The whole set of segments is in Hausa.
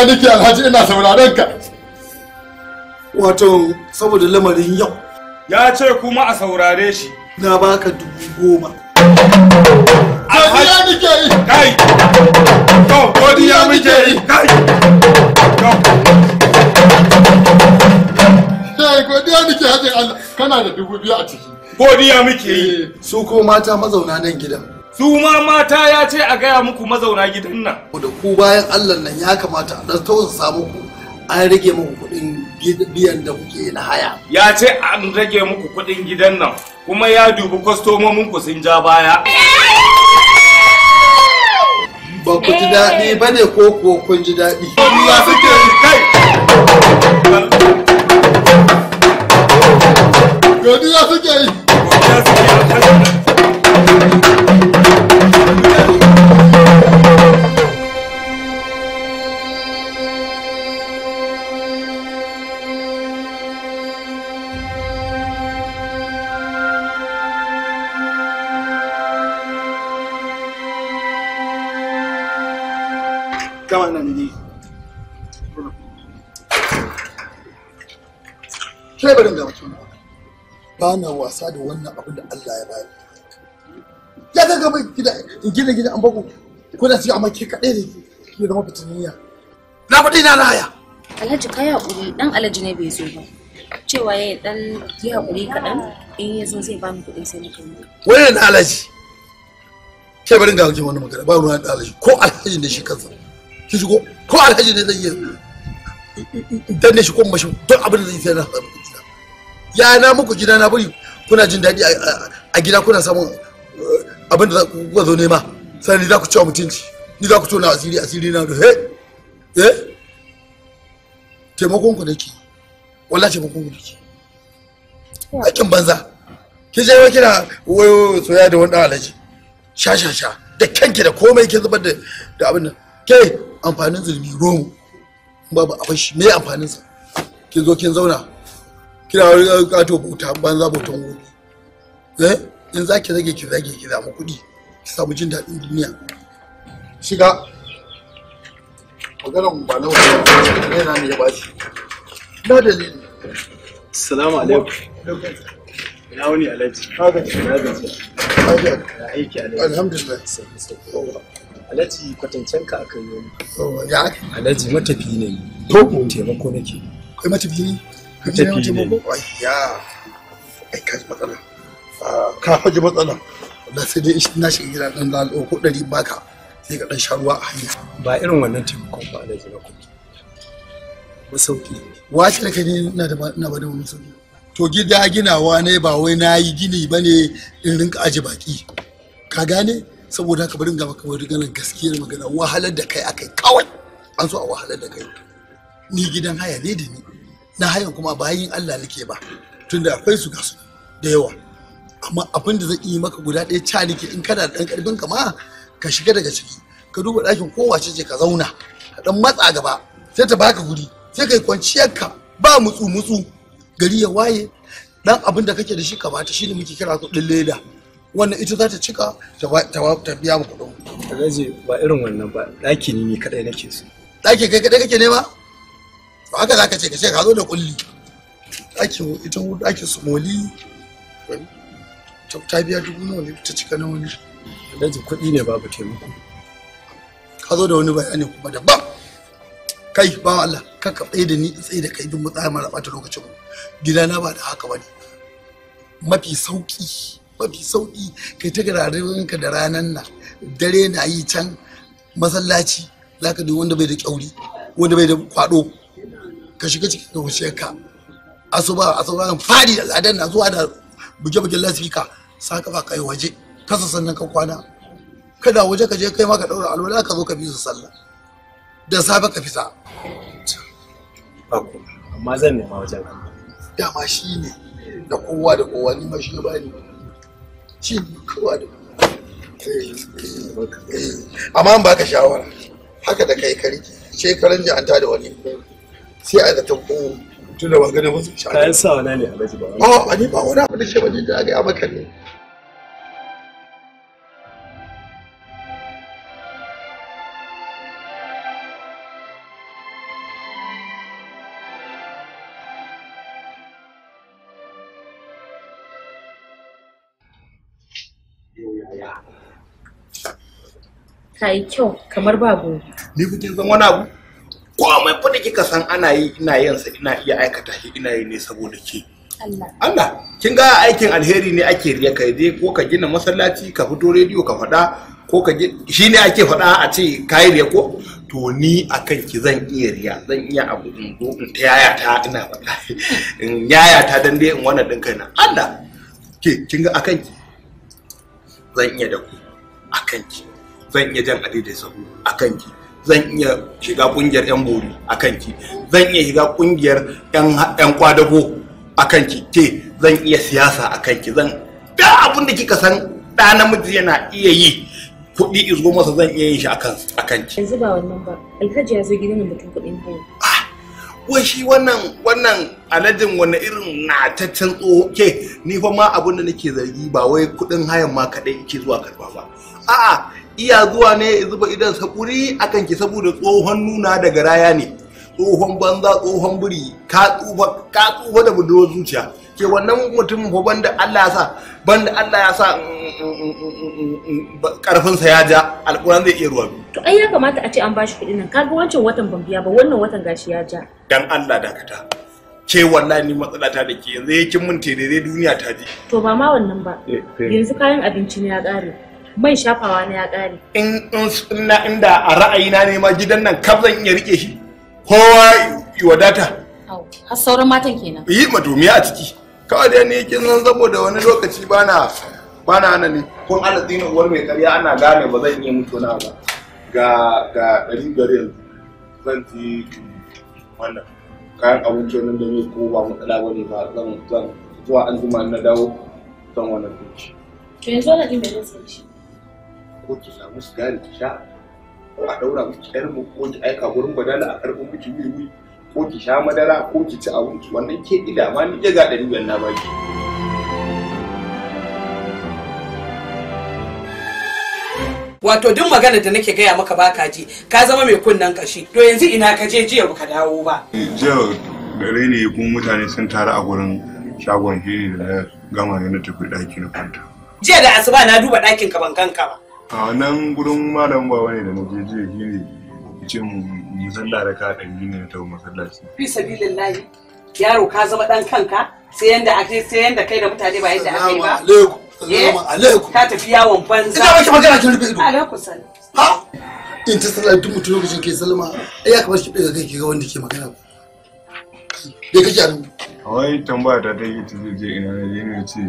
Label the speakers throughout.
Speaker 1: saurara nake alhaji ina sauraron ka wato saboda lamarin yau ya ce kuma a saurare shi na baka dubu goma godiya nake yi kai to godiya muke yi kai to godiya nake hajin Allah kana da dubu biyu a ciki godiya muke yi eh, su ko mata mazauna nan gidan su ma mata ya ce a gaya muku mazauna gidan nan da ku bayan allah nan ya kamata a dan tausasa muku an rage muku kuɗin biyan da kuke na haya ya ce an rage muku kuɗin gidan nan kuma ya dubi kwastomomin ku sun ja baya ba ku ji daɗi ba ne ko kuwa kun ji daɗi ya suke kai godiya suke yi godiya suke yi Come on, Nandini. Kai barin ga mutum ba na wasa da wannan abin da Allah ya bayar. Ya ga gaba gida in gina gida an baku ko da ce amma ke kaɗai ne ke zama fitiniya. Na faɗi na raya.
Speaker 2: Alhaji ka yi haƙuri ɗan Alhaji ne bai zo ba. Cewa ya ɗan yi haƙuri kaɗan in ya zo zai ba mu kuɗin sai na kai.
Speaker 1: Wannan Alhaji. Kai barin ga wani magana ba ruwan Alhaji ko Alhaji ne shi kansa. shi shigo ko alhaji ne zai iya danne shi ko mashi don abin da zai sai na ya na muku gida na buri kuna jin daɗi a gida kuna samun eh, abin da kuka zo nema sai ni za ku cewa mutunci ni za ku tona asiri asiri na da he eh taimakon ku nake wallahi taimakon ku nake Aikin banza ki je wai kina wayo soyayya da wani alaji. alhaji sha sha sha da kanki da komai ke zubar da abin nan ke amfanin zulmi romo babu a fashi me amfanin sa kin zo kin zauna kina wani kato bauta banza bautan wuri eh in zaki zage ki zage ki zama kudi ki samu jin daɗin duniya shiga maganar ba na wani yana ne ya bashi na ne salamu alaikum ina wani alaji. haka ce na gaji alhamdulillah alhaji kwatancen ka aka yi ya alhaji matafi ne to taimako nake kai matafi ne matafi ne ya ai ka matsala ah, ka faji matsala da sai dai na shiga gida dan lalo ko dari baka sai ka dan sha ruwa a hanya ba irin wannan taimakon ba alhaji na kuɗi masauki wace da kai ne na da na ba da masauki to gida ginawa ne ba wai na yi gini ba ne in rinka aji baki ka gane saboda haka bari ga gaba kamar ganin gaskiyar magana wahalar da kai akai kawai an so a wahalar da kai ni gidan haya ne da ni na hayan kuma yin Allah nake ba tunda akwai su gasu da yawa amma abin da zan yi maka guda ɗaya ca nake in kana da ɗan ƙarfin ka ma ka shiga daga ciki ka duba ɗakin kowace ce ka zauna ka ɗan matsa gaba sai ta baka guri sai kai kwanciyar ka ba mutsu mutsu gari ya waye dan abin da kake da shi ka bata shine muke kira kuɗin leda wannan ita za ta cika ta biya mu kuɗin. Alhaji ba irin wannan ba ɗaki ne kaɗai nake so. Ɗaki kai kadai kake nema? To haka za ka ce ka ce ka zo da kulli. Ɗaki ita ɗaki su moli ta biya dubu nawa ne ta cika nawa? wani. Alhaji kuɗi ne babu taimako. Ka zo da wani bayani kuma da ba. Kai ba Allah ka ka tsaye da ni tsaye da kai duk mu tsaya mara ɓata lokacin mu. Gidana ba da haka ba ne. Mafi sauƙi mafi sauki kai ta ka da ranan nan dare na yi can masallaci zaka duk wanda bai da kyauri wanda bai da kwado ka shiga cikin da wuce ka asuba a sauraron fadi da tsadar na zuwa da buge-bugen lasifika sa ka ba kai waje kasa sannan ka kwana kada waje ka je kai ma ka daura alwala ka zo ka bi su sallah da safe ka fita amma zan nema wajen dama shi ne da kowa da kowa ni ma shi ne bani ci kowa da amma an baka shawara haka da kai kari shekaran ji an da wani sai a zata tun da ba gane musu shawara kayan sawa na ne alhaji ba a oh, ni ba wani abu da shi ba ne da aka yi a maka ne
Speaker 2: ta yi kyau kamar ba gobe
Speaker 1: ni kuke san wani abu komai fa da kika san ana yi ina yin sa ina iya aikata shi ina yi ne saboda ke Allah Allah kin ga aikin alheri ne ake riya kai dai ko ka gina masallaci ka fito rediyo ka faɗa ko ka shi ne ake faɗa a ce kayi riya ko to ni a ki zan iya riya zan iya abu in zo in ta yaya ta ina faɗa in yaya ta dan dai in wannan din na Allah ke kin ga a ki zan iya da ku a ki. zan iya jan da sahu a kanki zan iya shiga kungiyar yan bori a kanki zan iya shiga kungiyar yan kwadago a kanki ke zan iya siyasa a kanki zan da abin da kika san da namiji yana iya yi kuɗi izgo masa zan iya yin shi a kanki yanzu ba wannan ba alhaji ya zo gidan mutum kuɗin haya ah! wai shi wannan wannan aladin wani irin nataccen tsoho ke ni fa ma abin da nake zargi ba wai kuɗin hayan ma kaɗai yake zuwa karba ba a'a iya zuwa ne ya zuba idan sakuri akan ke saboda tsohon nuna da garaya ne tsohon banza tsohon buri ka tsufa da budurwar zuciya ke wannan mutum fa banda Allah ya sa banda Allah ya sa mm, mm, mm, sa ya ja alƙur'an zai iya ruwa
Speaker 2: to ai ya kamata a ce an bashi kuɗin nan kaga wancan watan ban biya ba wannan watan gashi ya ja
Speaker 1: dan Allah dakata ke wannan ni matsala ta da ke yanzu yakin mun tere duniya ta ji
Speaker 2: to ba ma wannan ba
Speaker 1: eh, eh. yanzu
Speaker 2: kayan abinci ne ya ƙare mai shafawa na ya ƙari? In suna inda
Speaker 1: a ra'ayina ne ma gidan nan kaf zan iya rike shi. Kowa yi wadata.
Speaker 2: Har sauran matan kenan.
Speaker 1: Yi madumiya a ciki. Kawai dai ni kin san saboda wani lokaci bana bana ana ne. Kun ala tsinin uwar mai karya ana gane ba zan iya mutuwa na ba. Ga ga ɗari biyar zan ci wannan kayan abinci wannan da mai ko ba matsala ba ne ba zan zan zuwa an na dawo zan wannan abinci.
Speaker 2: To yanzu wannan ɗin da zan ci?
Speaker 1: ko ki samu sigari ki sha ko a daura miki yar mu ko ki aika gurin badala a ƙarfin miki wiwi ko ki sha madara ko ki ci abinci wannan ke ida ma ni ya ga dari wannan na baki
Speaker 2: wato duk magana da nake gaya maka ba ka ji ka zama mai kunnen kashi to yanzu ina ka je jiya baka dawo ba
Speaker 1: eh, jiya dare ne kuma mutane sun taru a gurin shagon shi ne da gama yana tafi ɗaki na kwanta
Speaker 2: jiya da asuba na duba ɗakin ka ban kanka ba
Speaker 1: a nan gurin malam ba wani da muke je gini ce mu da ka dan gini ta masallaci
Speaker 2: fi sabilillahi yaro ka zama dan kanka sai yanda ake sai yanda kai da mutane ba yadda
Speaker 3: ake ba
Speaker 1: assalamu eh, alaikum ka tafi yawon banza ina maki magana
Speaker 3: kin rufe ido alaikum salam
Speaker 1: ha in ta sallah duk mutum lokacin ke salma ai ya kamar shi daga kai ga wanda ke magana ba. dai kake aru wai tambaya ta dai ta je ina ne ne ce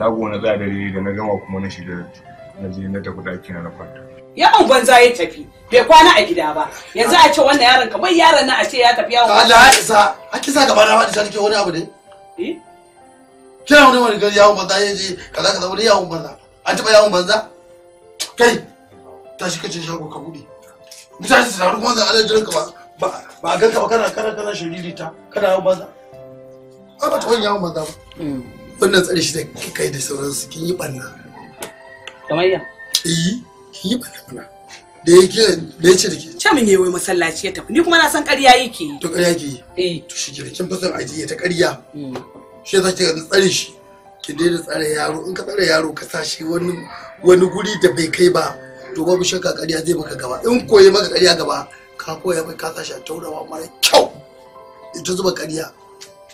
Speaker 1: shago na tsaya dare da na gama kuma na shiga na je na tafi daki na kwanta
Speaker 3: yawan banza ya tafi bai kwana a gida ba yanzu a ce wannan yaron kamar yaron na a ce ya tafi yawon banza Allah ya isa
Speaker 1: a kisa gaba na wadda cikin wani abu ne eh kina wani wani gari yawon banza ya je kaza kaza wani yawon banza an taba yawon banza kai tashi kace shago ka bude mutane su taru kuma za a jiran ka ba ba a ganka ba kana kana kana shiriri ta kana yawon banza ba ta wani yawon banza ba hmm. wannan tsari shi da kai da sauransu kin yi banna Kamayya. Eh, ki yi fana Da ya yake da ya ce da ke. Ce min yayi wai masallaci ya tafi. Ni kuma na san ƙarya yake. To ƙarya yake. Eh. To shi ke kin fasar ajiye ta ƙarya. Hmm. Shi ya yasa kika tsare shi. Ki daina tsare yaro in ka tsare yaro ka sa shi wani wani guri da bai kai ba. To babu shakka ƙarya zai maka gaba. In koyi maka ƙarya gaba ka koya mai ka sa shi a taurawa mara kyau. Ita zuba ƙarya.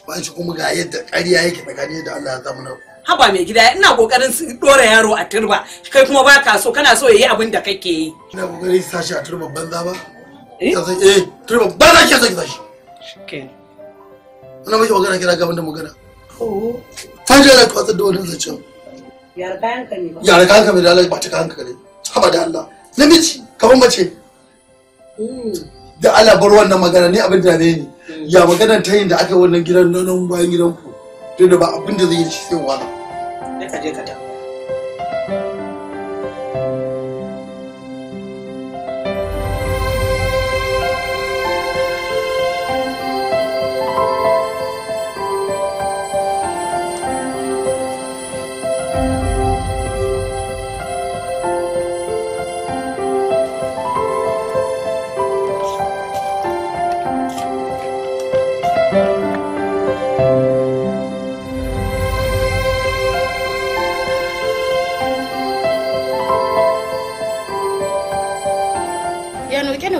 Speaker 1: Ba shi kuma ga yadda ƙarya yake tsakanin da Allah ya zama na ku. haba mai gida ina kokarin su dora yaro a turba kai kuma baka so kana so yayi abin da kake yi ina kokarin sa shi a turban banza ba eh, eh turban banza ke so ki sashi shikenan ina mai magana kira gaban da magana oh ta je da kwatsa da wannan zancen
Speaker 3: yar kayan ka ne ba yar
Speaker 1: kayan ka mai dalai ba ta kayan ka haba da Allah namiji kamar mace hmm. da Allah bar wannan magana ne abin da ne hmm. ya magana ta yin da aka wannan gidan nan bayan gidan ku tunda ba abin da zai yi shi sai wahala.
Speaker 2: Sai ka je ka dawo.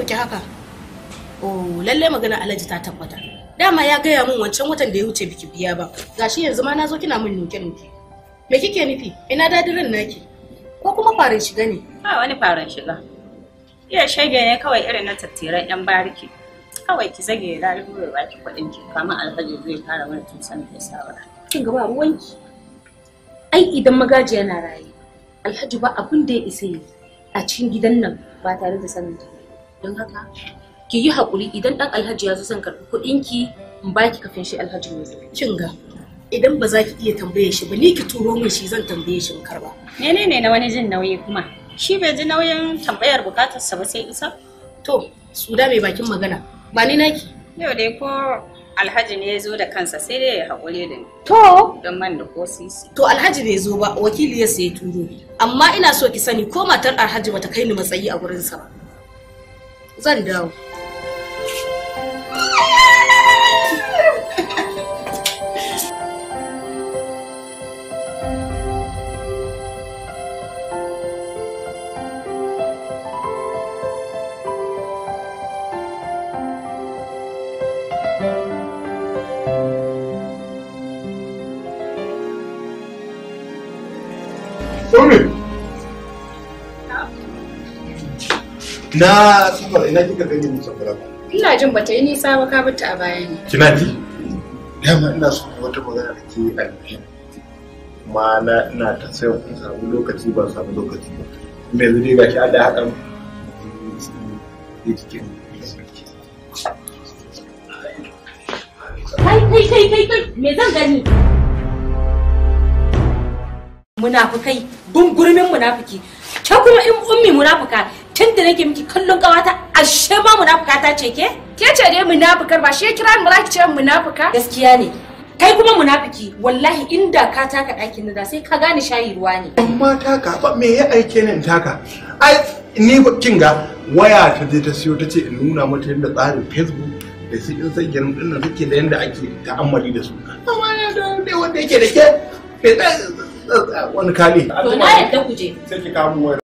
Speaker 2: ɗauki haka oh lallai magana alhaji ta tabbata dama ya gaya min wancan watan da ya wuce biki biya ba gashi yanzu ma na zo kina min nuke nuke me kike nufi ina dadin ran naki ko kuma farin shiga ne ba wani farin shiga iya shege ne kawai irin na tattiran yan bariki kawai ki zage ya lalura ba ki kuɗin ki kama alhaji zai fara mana tusan da sabara kin ga ba ruwanki ai idan magaji yana raye alhaji ba abin da ya isa yi a cikin gidan nan ba tare da sanin don haka ki yi haƙuri idan ɗan alhaji ya zo son karɓi ki, in baki kafin shi alhaji ne kin ga idan ba za ki iya tambaye shi ba ni ki turo min shi zan tambaye shi in karba ne na wani jin nauyi kuma shi bai ji nauyin tambayar sa ba sai isa to su da mai bakin magana ba ni naki yau dai ko alhaji ne ya zo da kansa sai dai ya haƙuri da ni to don man da kosisi to alhaji bai zo ba wakili ya sai turo amma ina so ki sani ko matar alhaji bata kai ni matsayi a sa ba 温柔。
Speaker 1: Na safar ina kika gani mu safara.
Speaker 2: Ina jin bata yi nisa ba ka bata a baya ne.
Speaker 1: Kina ji? Dama ina so wata magana da ke alheri. Ma na ina ta sai ku samu lokaci ba samu lokaci ba. Me zai ga ki Allah hakan. Yake
Speaker 2: Kai kai kai kai kai me zan gani? Munafukai, gungurmin munafiki, ke kuma in ummi munafuka tun da nake miki kallon kawata ashe ba munafuka ta ce ke ke ce dai munafukar ba she kira mu ki ce munafuka gaskiya ne kai kuma munafiki wallahi inda ka taka ɗakin da sai ka gane shayi ruwa ne
Speaker 1: amma ka ba me ya aike ni taka ai ni kin ga waya ta je ta siyo ta ce in nuna mata yadda tsarin facebook da su instagram din nan suke da yadda ake ta'ammali da su amma da wanda yake da ke
Speaker 2: wani kali. to na yadda ku je sai ki kamo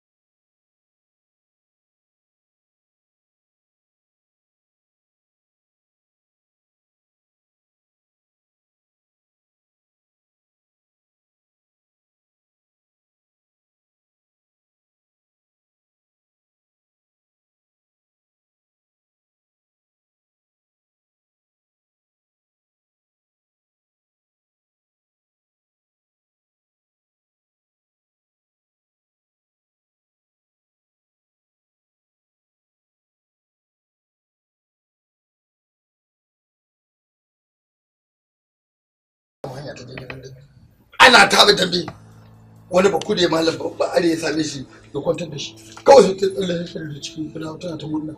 Speaker 1: hanya ta daidai nan ana ta da tambi wani ba kude malam ba are ya same shi ya kwantar da shi kawai sai ta tsalle shi da cikin guda tana ta murna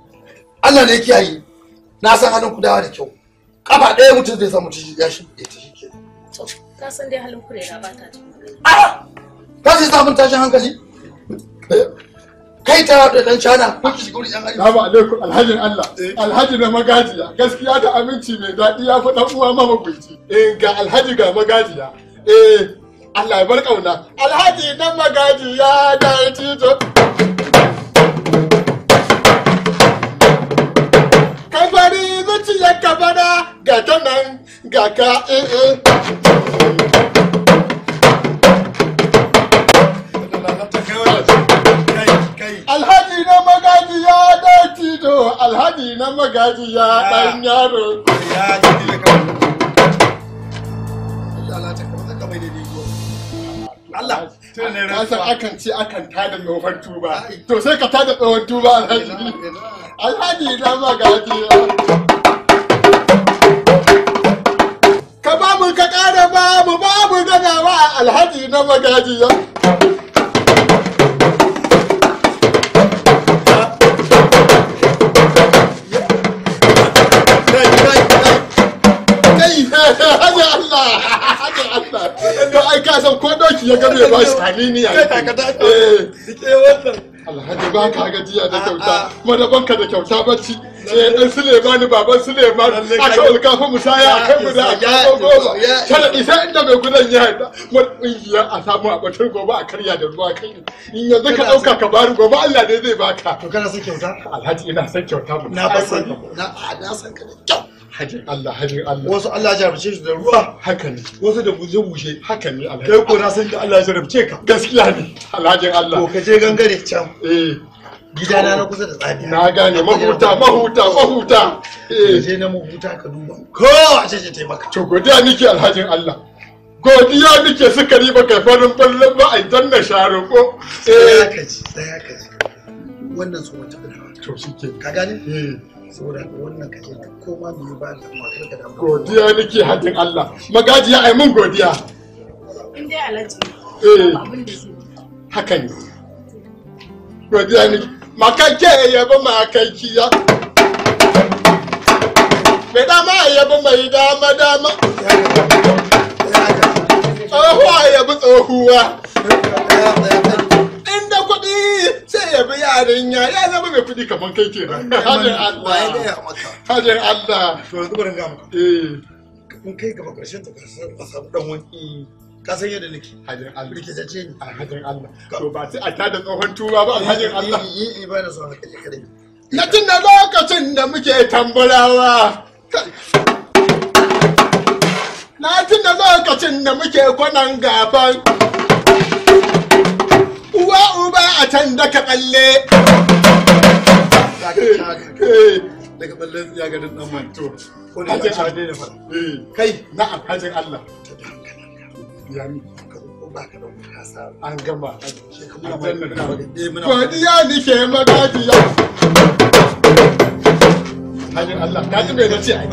Speaker 1: Allah ne kiyaye na san hannun ku dawa da kyau kafa ɗaya mutum zai samu ta ya shi ya ta shi
Speaker 2: kenan ka san dai halin kure na ba ta ta
Speaker 1: ah ka sai samun tashin hankali eh, kai ta da dan cana kun ji guri yan Assalamu alaikum alhaji Allah alhaji na magajiya gaskiya da aminci mai daɗi ya fi uwa ma magunci eh ga alhaji ga magajiya eh Allah ya bar kauna alhaji dan magajiya da tito kai bari ka bana ga ta ga ka eh eh magaji ya dan yaro ya ji da ka Allah ta kama ka bai da digo Allah ka san akan ce akan tada tsohon tuba to sai ka tada tsohon tuba alhaji alhaji na magaji ka ba mu ka ba mu ba mu alhaji na magaji ya haƙin Allah don ai ka ko doki ya gabe ba shi hanini eh. ya Alhaji ba ka gajiya da kyauta kuma da banka da kyauta bacci sai dan Suleiman baban Suleiman aka ulkafa musaya a kan guda ya kawo goma sharaɗi inda mai gudan ya haɗa wani ƙungiyar a samu a batun gobe a karya da ruwa kai in yanzu ka ɗauka ka bari gobe Allah ne zai baka. To kana son kyauta? Alhaji ina son kyauta. Na san na san ka da kyau. hajjin Allah hajjin Allah wasu Allah ya jarabce su da ruwa haka ne wasu da buje bushe haka ne alhaji kai ko na san da Allah ya jarabce ka gaskiya ne alhajin Allah ko ka je gangare can eh gidana na kusa da tsadi na gane mahuta mahuta mahuta eh je na mahuta ka duba ko a ce ce taimaka to godiya nake alhajin Allah godiya nake sukari ba kai farin ballan ba a idan na share ko eh ka ji tsaya ka ji wannan su wata to shi ke ka gane eh saboda ga wannan kaje duk koma mu ba da da godiya nake hadin Allah ai mun godiya in dai alaji eh haka ne godiya nake makake yabo makaki ya mai dama mai dama dama tsohuwa yabo tsohuwa da kuɗi sai ya bi yarinya ya zama mai kuɗi kamar kai ke nan. Allah. Allah. To yanzu bari ga maka. Eh. ta ka ne. Ah, hajjin Allah. ba sai a tada tsohon tuba ba hajjin eh, Allah. Yi yi ba na son lokacin da muke Na tunda lokacin da muke kwanan gaban. uwa uba a can da ka eh, eh. daga ya ga dan man to ko ne ya eh. kai Allah ya mi an gama nike hajin Allah ka ji me ka san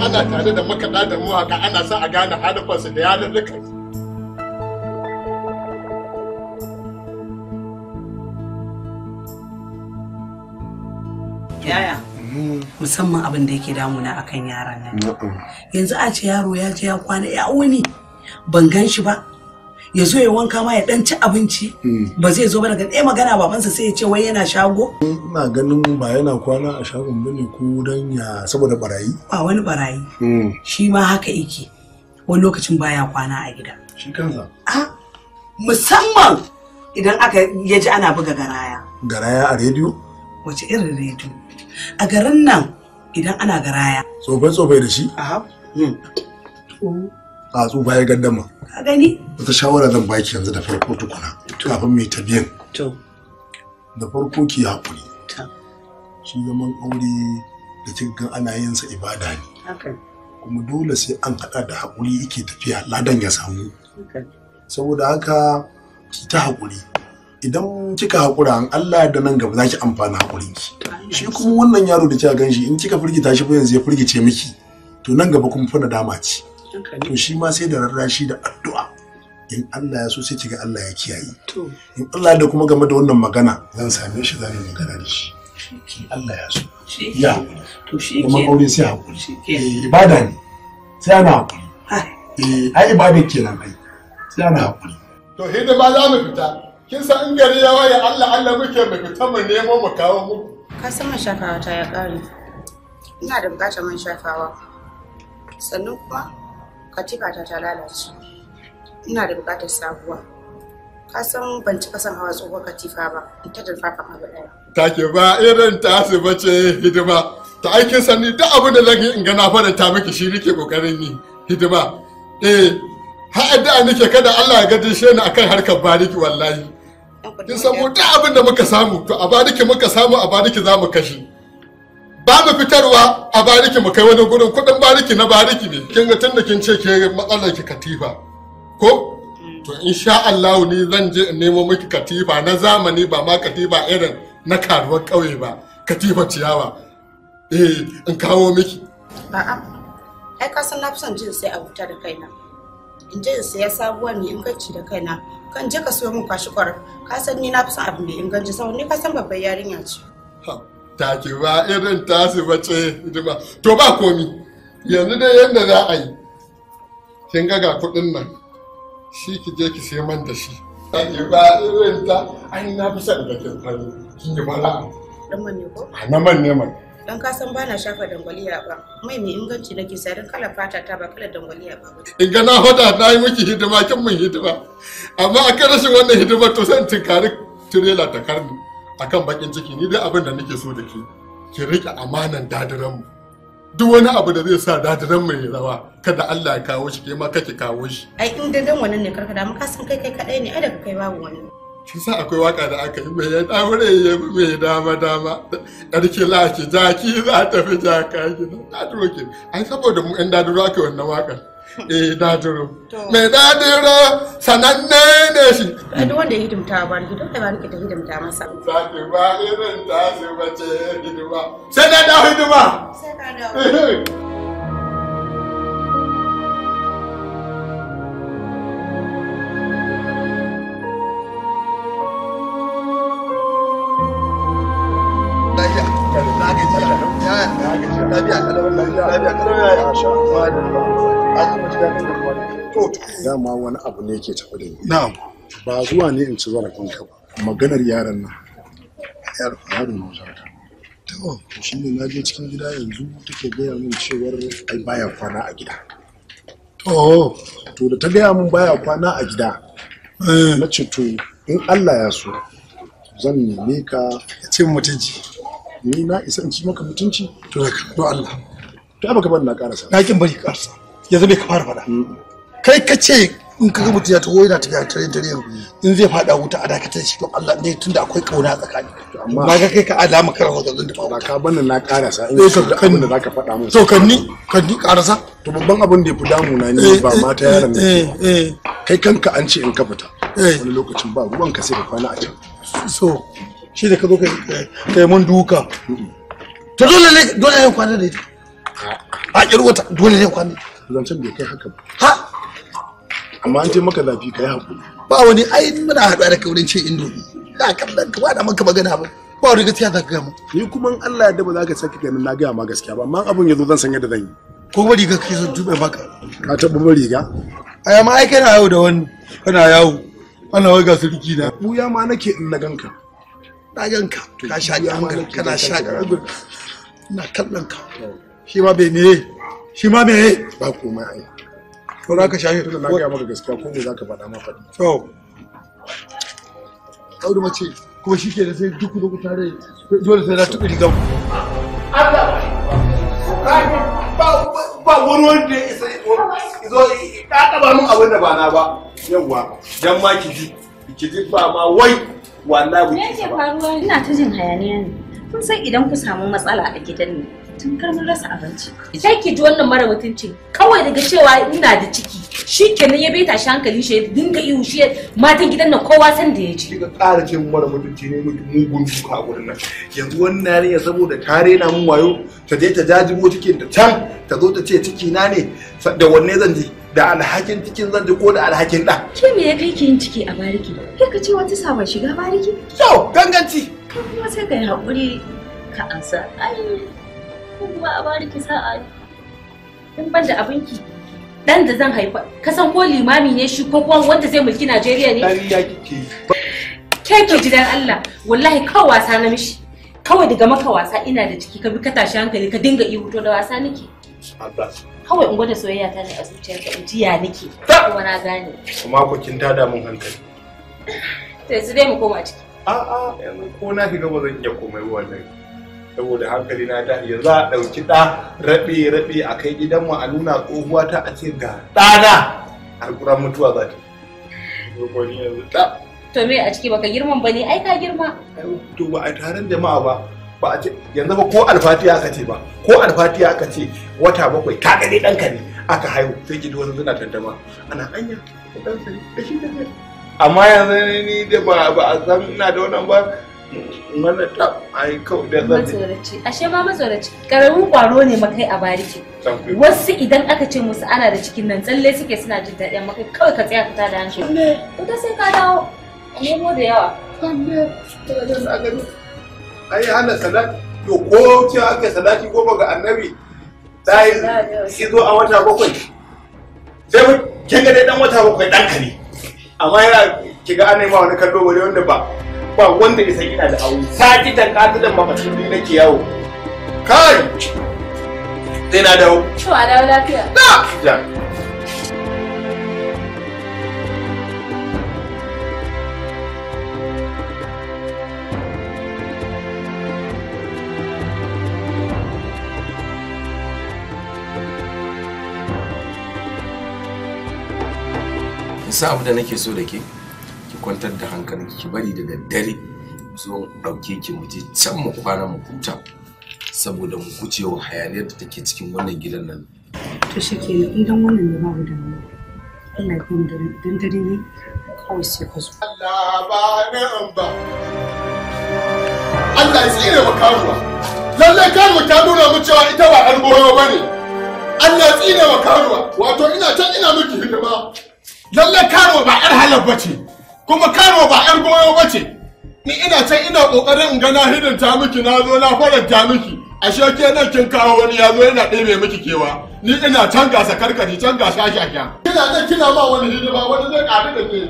Speaker 1: ana tare da makaɗa da mawaka ana sa a gane hadafansu da
Speaker 3: musamman abin da yake damuna akan yaran nan yanzu a ce yaro ya je ya kwana ya wuni ban gan shi ba
Speaker 1: ya zo ya wanka ma ya dan ci abinci hmm. ba zai zo ba daga ɗaya magana babansa sai ya ce wai yana shago ina ganin ba yana kwana a shagon bane ko dan ya saboda barayi ba wani barayi hmm. shi ma haka yake wani lokacin baya kwana a gida shi kansa
Speaker 3: a musamman idan aka yaji ana buga garaya
Speaker 1: garaya a rediyo wace irin rediyo a garin nan idan ana garaya tsofai tsofe da shi a
Speaker 3: hmm.
Speaker 1: a tsufa ya gaddama ka gani wata shawara zan baki yanzu da farko tukuna kafin mai tabiyan to da farko ki hakuri shi zaman aure da cikin ana yin sa ibada ne kuma dole sai an haɗa da hakuri yake tafiya ladan ya samu saboda haka ki ta hakuri idan kika haƙura an Allah da nan gaba za ki amfana haƙurinki shi kuma wannan yaro da kika ganshi in kika firgita shi ba yanzu ya firgice miki to nan gaba kuma fa dama ce to shi ma sai da rarrashi da addu'a in Allah ya so sai kiga Allah ya kiyaye in Allah da kuma game da wannan magana zan same shi zan yi magana da shi Allah ya so ya to shi ke kuma aure sai haƙuri eh, ibada ne sai ana haƙuri eh ai ibada kenan ai sai ana haƙuri to hidima za mu fita kin san in gari ya waye Allah Allah muke mu fita mu nemo mu kawo muku
Speaker 3: ka san man shafawa ta ya kare ina da bukatar man shafawa sannan kuma katifa ta ta lalace ina da bukatar sabuwa ka san ban cika son hawa tsohuwar katifa ba in ta durfafan abu
Speaker 1: daya ke ba irin su bace hidima ta aikin sani duk abin da zan yi in ga na fara ta miki shi nake kokarin yi hidima eh har addu'a nake kada Allah ya gaji shi ni akan harkar bariki wallahi kin samu duk abin da muka samu to a bariki muka samu a bariki za mu kashe ba mu fitarwa a bariki mu kai wani gurin kudin bariki na bariki ne kin ga tunda kin ce ke matsalar ki katifa ko mm. to insha Allah ni zan je in nemo miki katifa na zamani ba ma katifa irin na karuwar kauye ba katifa ciyawa eh in kawo miki
Speaker 3: Ba'a. ai ka san na fi son jin sai a wuta da kaina in je in saya sabuwa mai inganci da kaina kan je ka siyo min kwashi kwar ka san ni na fi son abu mai inganci saboda ni ka san babbar yarinya ce
Speaker 1: ke ba irin tasu bace ba to ba komi yanzu dai yadda za a yi kin ga ga kuɗin nan shi ki je ki sai man da shi ke ba irin ta ai na fi son da kin fari kin yi bala.
Speaker 3: a man ne ko a man ne man. dan ka san bana shafa dangwaliya ba mai mai inganci nake sai kala fata ta ba kala dangwaliya ba
Speaker 1: in ga na hoda na yi miki hidima kin mun hidima amma a kan rashin wannan hidimar to san kari tirela ta karni akan bakin ciki ni dai abin da nake so da ke ki rike amanan dadiran mu duk wani abu da zai sa dadiran ya rawa kada Allah ya kawo shi kai ma kake kawo shi
Speaker 3: ai in dadan wannan ne karkada mu ka san kai kai kadai ne ai daga kai babu wani
Speaker 1: kin akwai waka da aka yi mai ya damure ya mai dama dama ƙarki laki jaki za ta fi jaka Na duro ke ai saboda mu ɗan daduro aka wannan wakan eh daduro
Speaker 3: mai daduro
Speaker 1: sananne ne shi ɗan
Speaker 3: wanda ya hidimta ba ni dole ba ni ta hidimta masa zaki
Speaker 1: ba irin ta su bace hidima
Speaker 3: sai na da hidima
Speaker 1: sai ka da dama wani abu ne ke tafi da ni ba zuwa ne in ci zarafin ka ba maganar yaran nan yaron na zarta to shi ne na je cikin gida yanzu take gaya min cewar ai baya kwana a gida to to da ta gaya min baya kwana a gida eh. na ce to in Allah ya so zan neme ka ya ce mutunci ni na isa in ci maka mutunci to da Allah to ai baka bani na karasa na kin bari karasa yanzu bai ka fara fada mm. kai ka ce in ka ga mutum ya taho yana tafiya tare da yau in zai fada wuta a dakatar shi to Allah ne tunda akwai kauna tsakani amma ga kai ka alama kar wajen da ba ka bani na karasa in eh, ka da abin da zaka faɗa mun to kanni kanni karasa to babban abin da ya fi damu na ne eh, ba eh, mata yaran ne kai kanka an ce in ka fita wani lokacin ba ruwan ka sai ka kwana a can so shi da ka zo kai mun duka to dole ne dole ne kwana da ita a ƙirgo wata dole ne kwami zancen bai kai haka ha amma an ce maka zafi ka yi ba wani ai muna haɗa da kaurin ce indomi ka kallon ka bada maka magana ba ba wani gaskiya za ka gaya mu ni kuma in Allah ya daba za ka saki ganin na gaya ma gaskiya ba amma abin ya zo zan san yadda zan yi ko riga ka kai zan tuɓe maka ka taɓa bari riga? A amma ai na yawo da wani kana yawo ana waga sarki na buya ma nake in na ganka na ganka ka shaƙi hankali kana shaƙi na kallon ka shi ma bai meye shi ma meye ba komai ai to za ka shafe tunda na gaya maka gaskiya ko me za ka faɗa ma faɗi to Audu mace kuma shi ke da sai duk duk tare dole sai na tuɓe da ku Allah ba ba wani wanda ya isa izo ya taɓa min abin da ba na ba yawwa dan ma ki ji ki ji ba ma wai wallahi
Speaker 2: ba ina ta jin hayaniya ne kun san idan ku samu matsala a gidan ne tun kar mun rasa abinci sai ki ji wannan mara mutunci kawai daga cewa ina da ciki shikenan ya bai tashi hankali shi ya dinga ihu shi matan gidan nan kowa san da ya ji
Speaker 1: kika ƙara ce mara mutunci ne mutum mugun duka a gurin nan yanzu wannan yarinya saboda ta rena mun wayo ta je ta jajibo cikin da can ta zo ta ce ciki na ne da wanne zan je, da alhakin cikin zan ji ko da alhakin ɗa. Ke
Speaker 2: me ya kai ki yin ciki a bariki? Kai ka ce wata sabon shiga bariki? Yau ganganci. Kai kuma sai ka yi haƙuri ka ansa. Ai kuma a bari ki sa'a ne in ban da abin abinki dan da zan haifa ka san ko limami ne shi ko kuma wanda zai mulki Najeriya ne dariya kike ke ki ji dan Allah wallahi kawai wasa na mishi kawai daga maka wasa ina da ciki ka bi ka tashi hankali ka dinga ihu to da wasa nake kawai in gwada soyayya ta ne a zuciyarka in jiya nake kuma na gane
Speaker 1: kuma ku kin tada min hankali
Speaker 2: to yanzu dai mu koma ciki
Speaker 1: a'a yanzu ko na shiga ba zan iya komai wallahi saboda hankali na ta yanzu a ɗauki ɗa raɓe raɓe a kai gidan mu a nuna tsohuwa ta a ce ga ɗana a kuran mutuwa za ta
Speaker 2: to me a ciki baka girman ba ne ai ka girma
Speaker 1: to ba a taron jama'a ba ba a ce yanzu ba ko alfatiya aka ce ba ko alfatiya aka ce wata bakwai ta gane ɗanka ne aka haihu sai ki wasu suna tantama ana hanya ɗan ne da shi da amma yanzu ni da ba a san ina da wannan ba mana ta ai kawai da zan
Speaker 2: ashe ma matsoraci karamin kwaro ne makai a bariki wasu idan aka ce musu ana da cikin nan tsalle suke suna jin daɗin makai kawai ka tsaya ka da hanshi ita sai ka dawo nemo da yawa
Speaker 1: ai hana salat to ko ce ake salati goma ga annabi ta yi izo a wata bakwai sai mu kin ga dai dan wata bakwai dan kare amma yana kiga an nema wani kallo bare wanda ba ba wanda isa ina da aure sati ta katilan mafashin ni ke yawo kai sai na dawo
Speaker 2: cewa dawo lafiya da ja sa abu da nake
Speaker 1: so da ke kwantar da hankali ki bari da daddare zo ɗauke ki mu je can mu kwana mu huta saboda mu kuce wa hayaniyar da take cikin wannan gidan nan.
Speaker 3: To shi ke idan wannan ne babu da mu. Allah ya kuma dan dare ne
Speaker 1: kawai sai ka zo. Allah ba ne an ba. Allah ya tsire wa karuwa. Lallai karuwa ta nuna mu cewa ita ba har goyo ba ne. Allah ya tsire wa karuwa. Wato ina can ina miki hidima. Lallai karuwa ba 'yar halar ba ce. kuma kano ba yar goyo ba ce ni ina can ina kokarin in ga na hidinta miki na zo na faranta miki ashe ke nan kin kawo wani ya zo yana ɗebe miki kewa ni ina can gasa karkari can gasa shashasha kina nan kina ba wani hidima wani zai ƙari da ke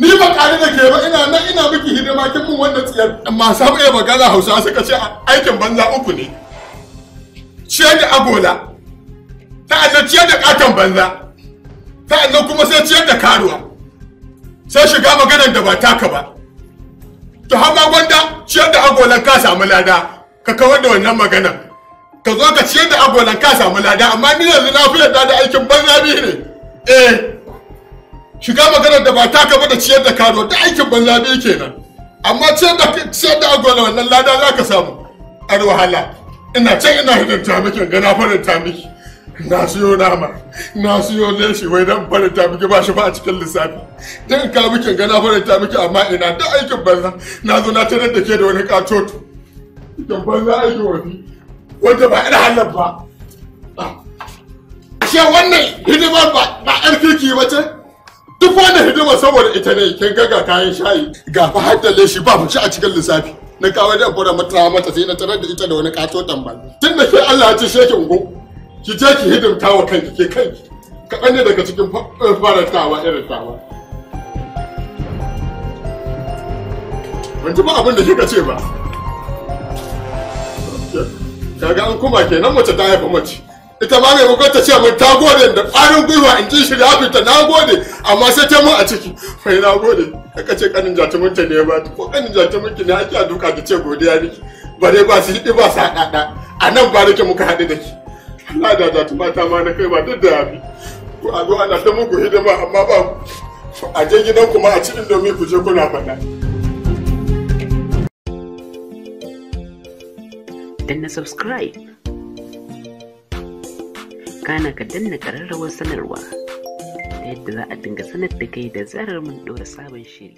Speaker 1: ni ba ƙari da ke ba ina nan ina miki hidima kin mun wannan tsiyar masu haɓe magana hausa suka ce aikin banza uku ne ciyar da agola ta'annan ciyar da ƙaton banza ta'annan kuma sai ciyar da karuwa sai shiga maganar da ba taka ba to hamma gwanda ciyar da agolan ka samu lada ka kawar da wannan maganar ka zo ka ciyar da agolan ka samu lada amma ni yanzu na fi yadda da aikin banza biyu ne eh shiga maganar da ba taka ba da ciyar da karo da aikin banza biyu kenan amma ciyar da ciyar da agolan wannan lada za ka samu ar wahala ina can ina hidinta miki ga na faranta miki na siyo nama na siyo leshi wai dan faranta miki ba shi ba a cikin lissafi dan ka miki ga na faranta miki amma ina da aikin banza na zo na tarar da ke da wani katoto idan banza aikin wani wanda ba ina halal ba shi wannan hidimar ba ba yar kirki ba ce duk wanda hidimar saboda ita ne kin ga kayan shayi ga fa hadda leshi ba mu shi a cikin lissafi na kawai da fara mata mata sai na tarar da ita da wani katoton ba tun da ke Allah ya ci shekin go ki je ki hidimta wa kanki ke kanki kaɗan ne daga cikin fara eh, farantawa irin tawa ban ji ba abin da kika ce ba kaga an kuma kenan mace ta haifa mace ita ma maimakon ta ce min ta gode da ƙwarin gwiwa in ji shi ta na gode amma sai ta mun a ciki mai na gode Kaka ce kanin jatumunta ne ba ko kanin jatumunki ne ake duka ta ce godiya ne bare ba su hidi ba su haɗaɗa a nan ba nake muka haɗu da ki A'da da da mata ma na kai ba duk da yabi ku a zo ana ta muku hidima amma ba a je gidan kuma a cikin domin ku je kuna faɗa. danna subscribe
Speaker 2: kana ka danna ƙararrawar sanarwa ta yadda za a dinga sanar da kai da zarar mun ɗora sabon shiri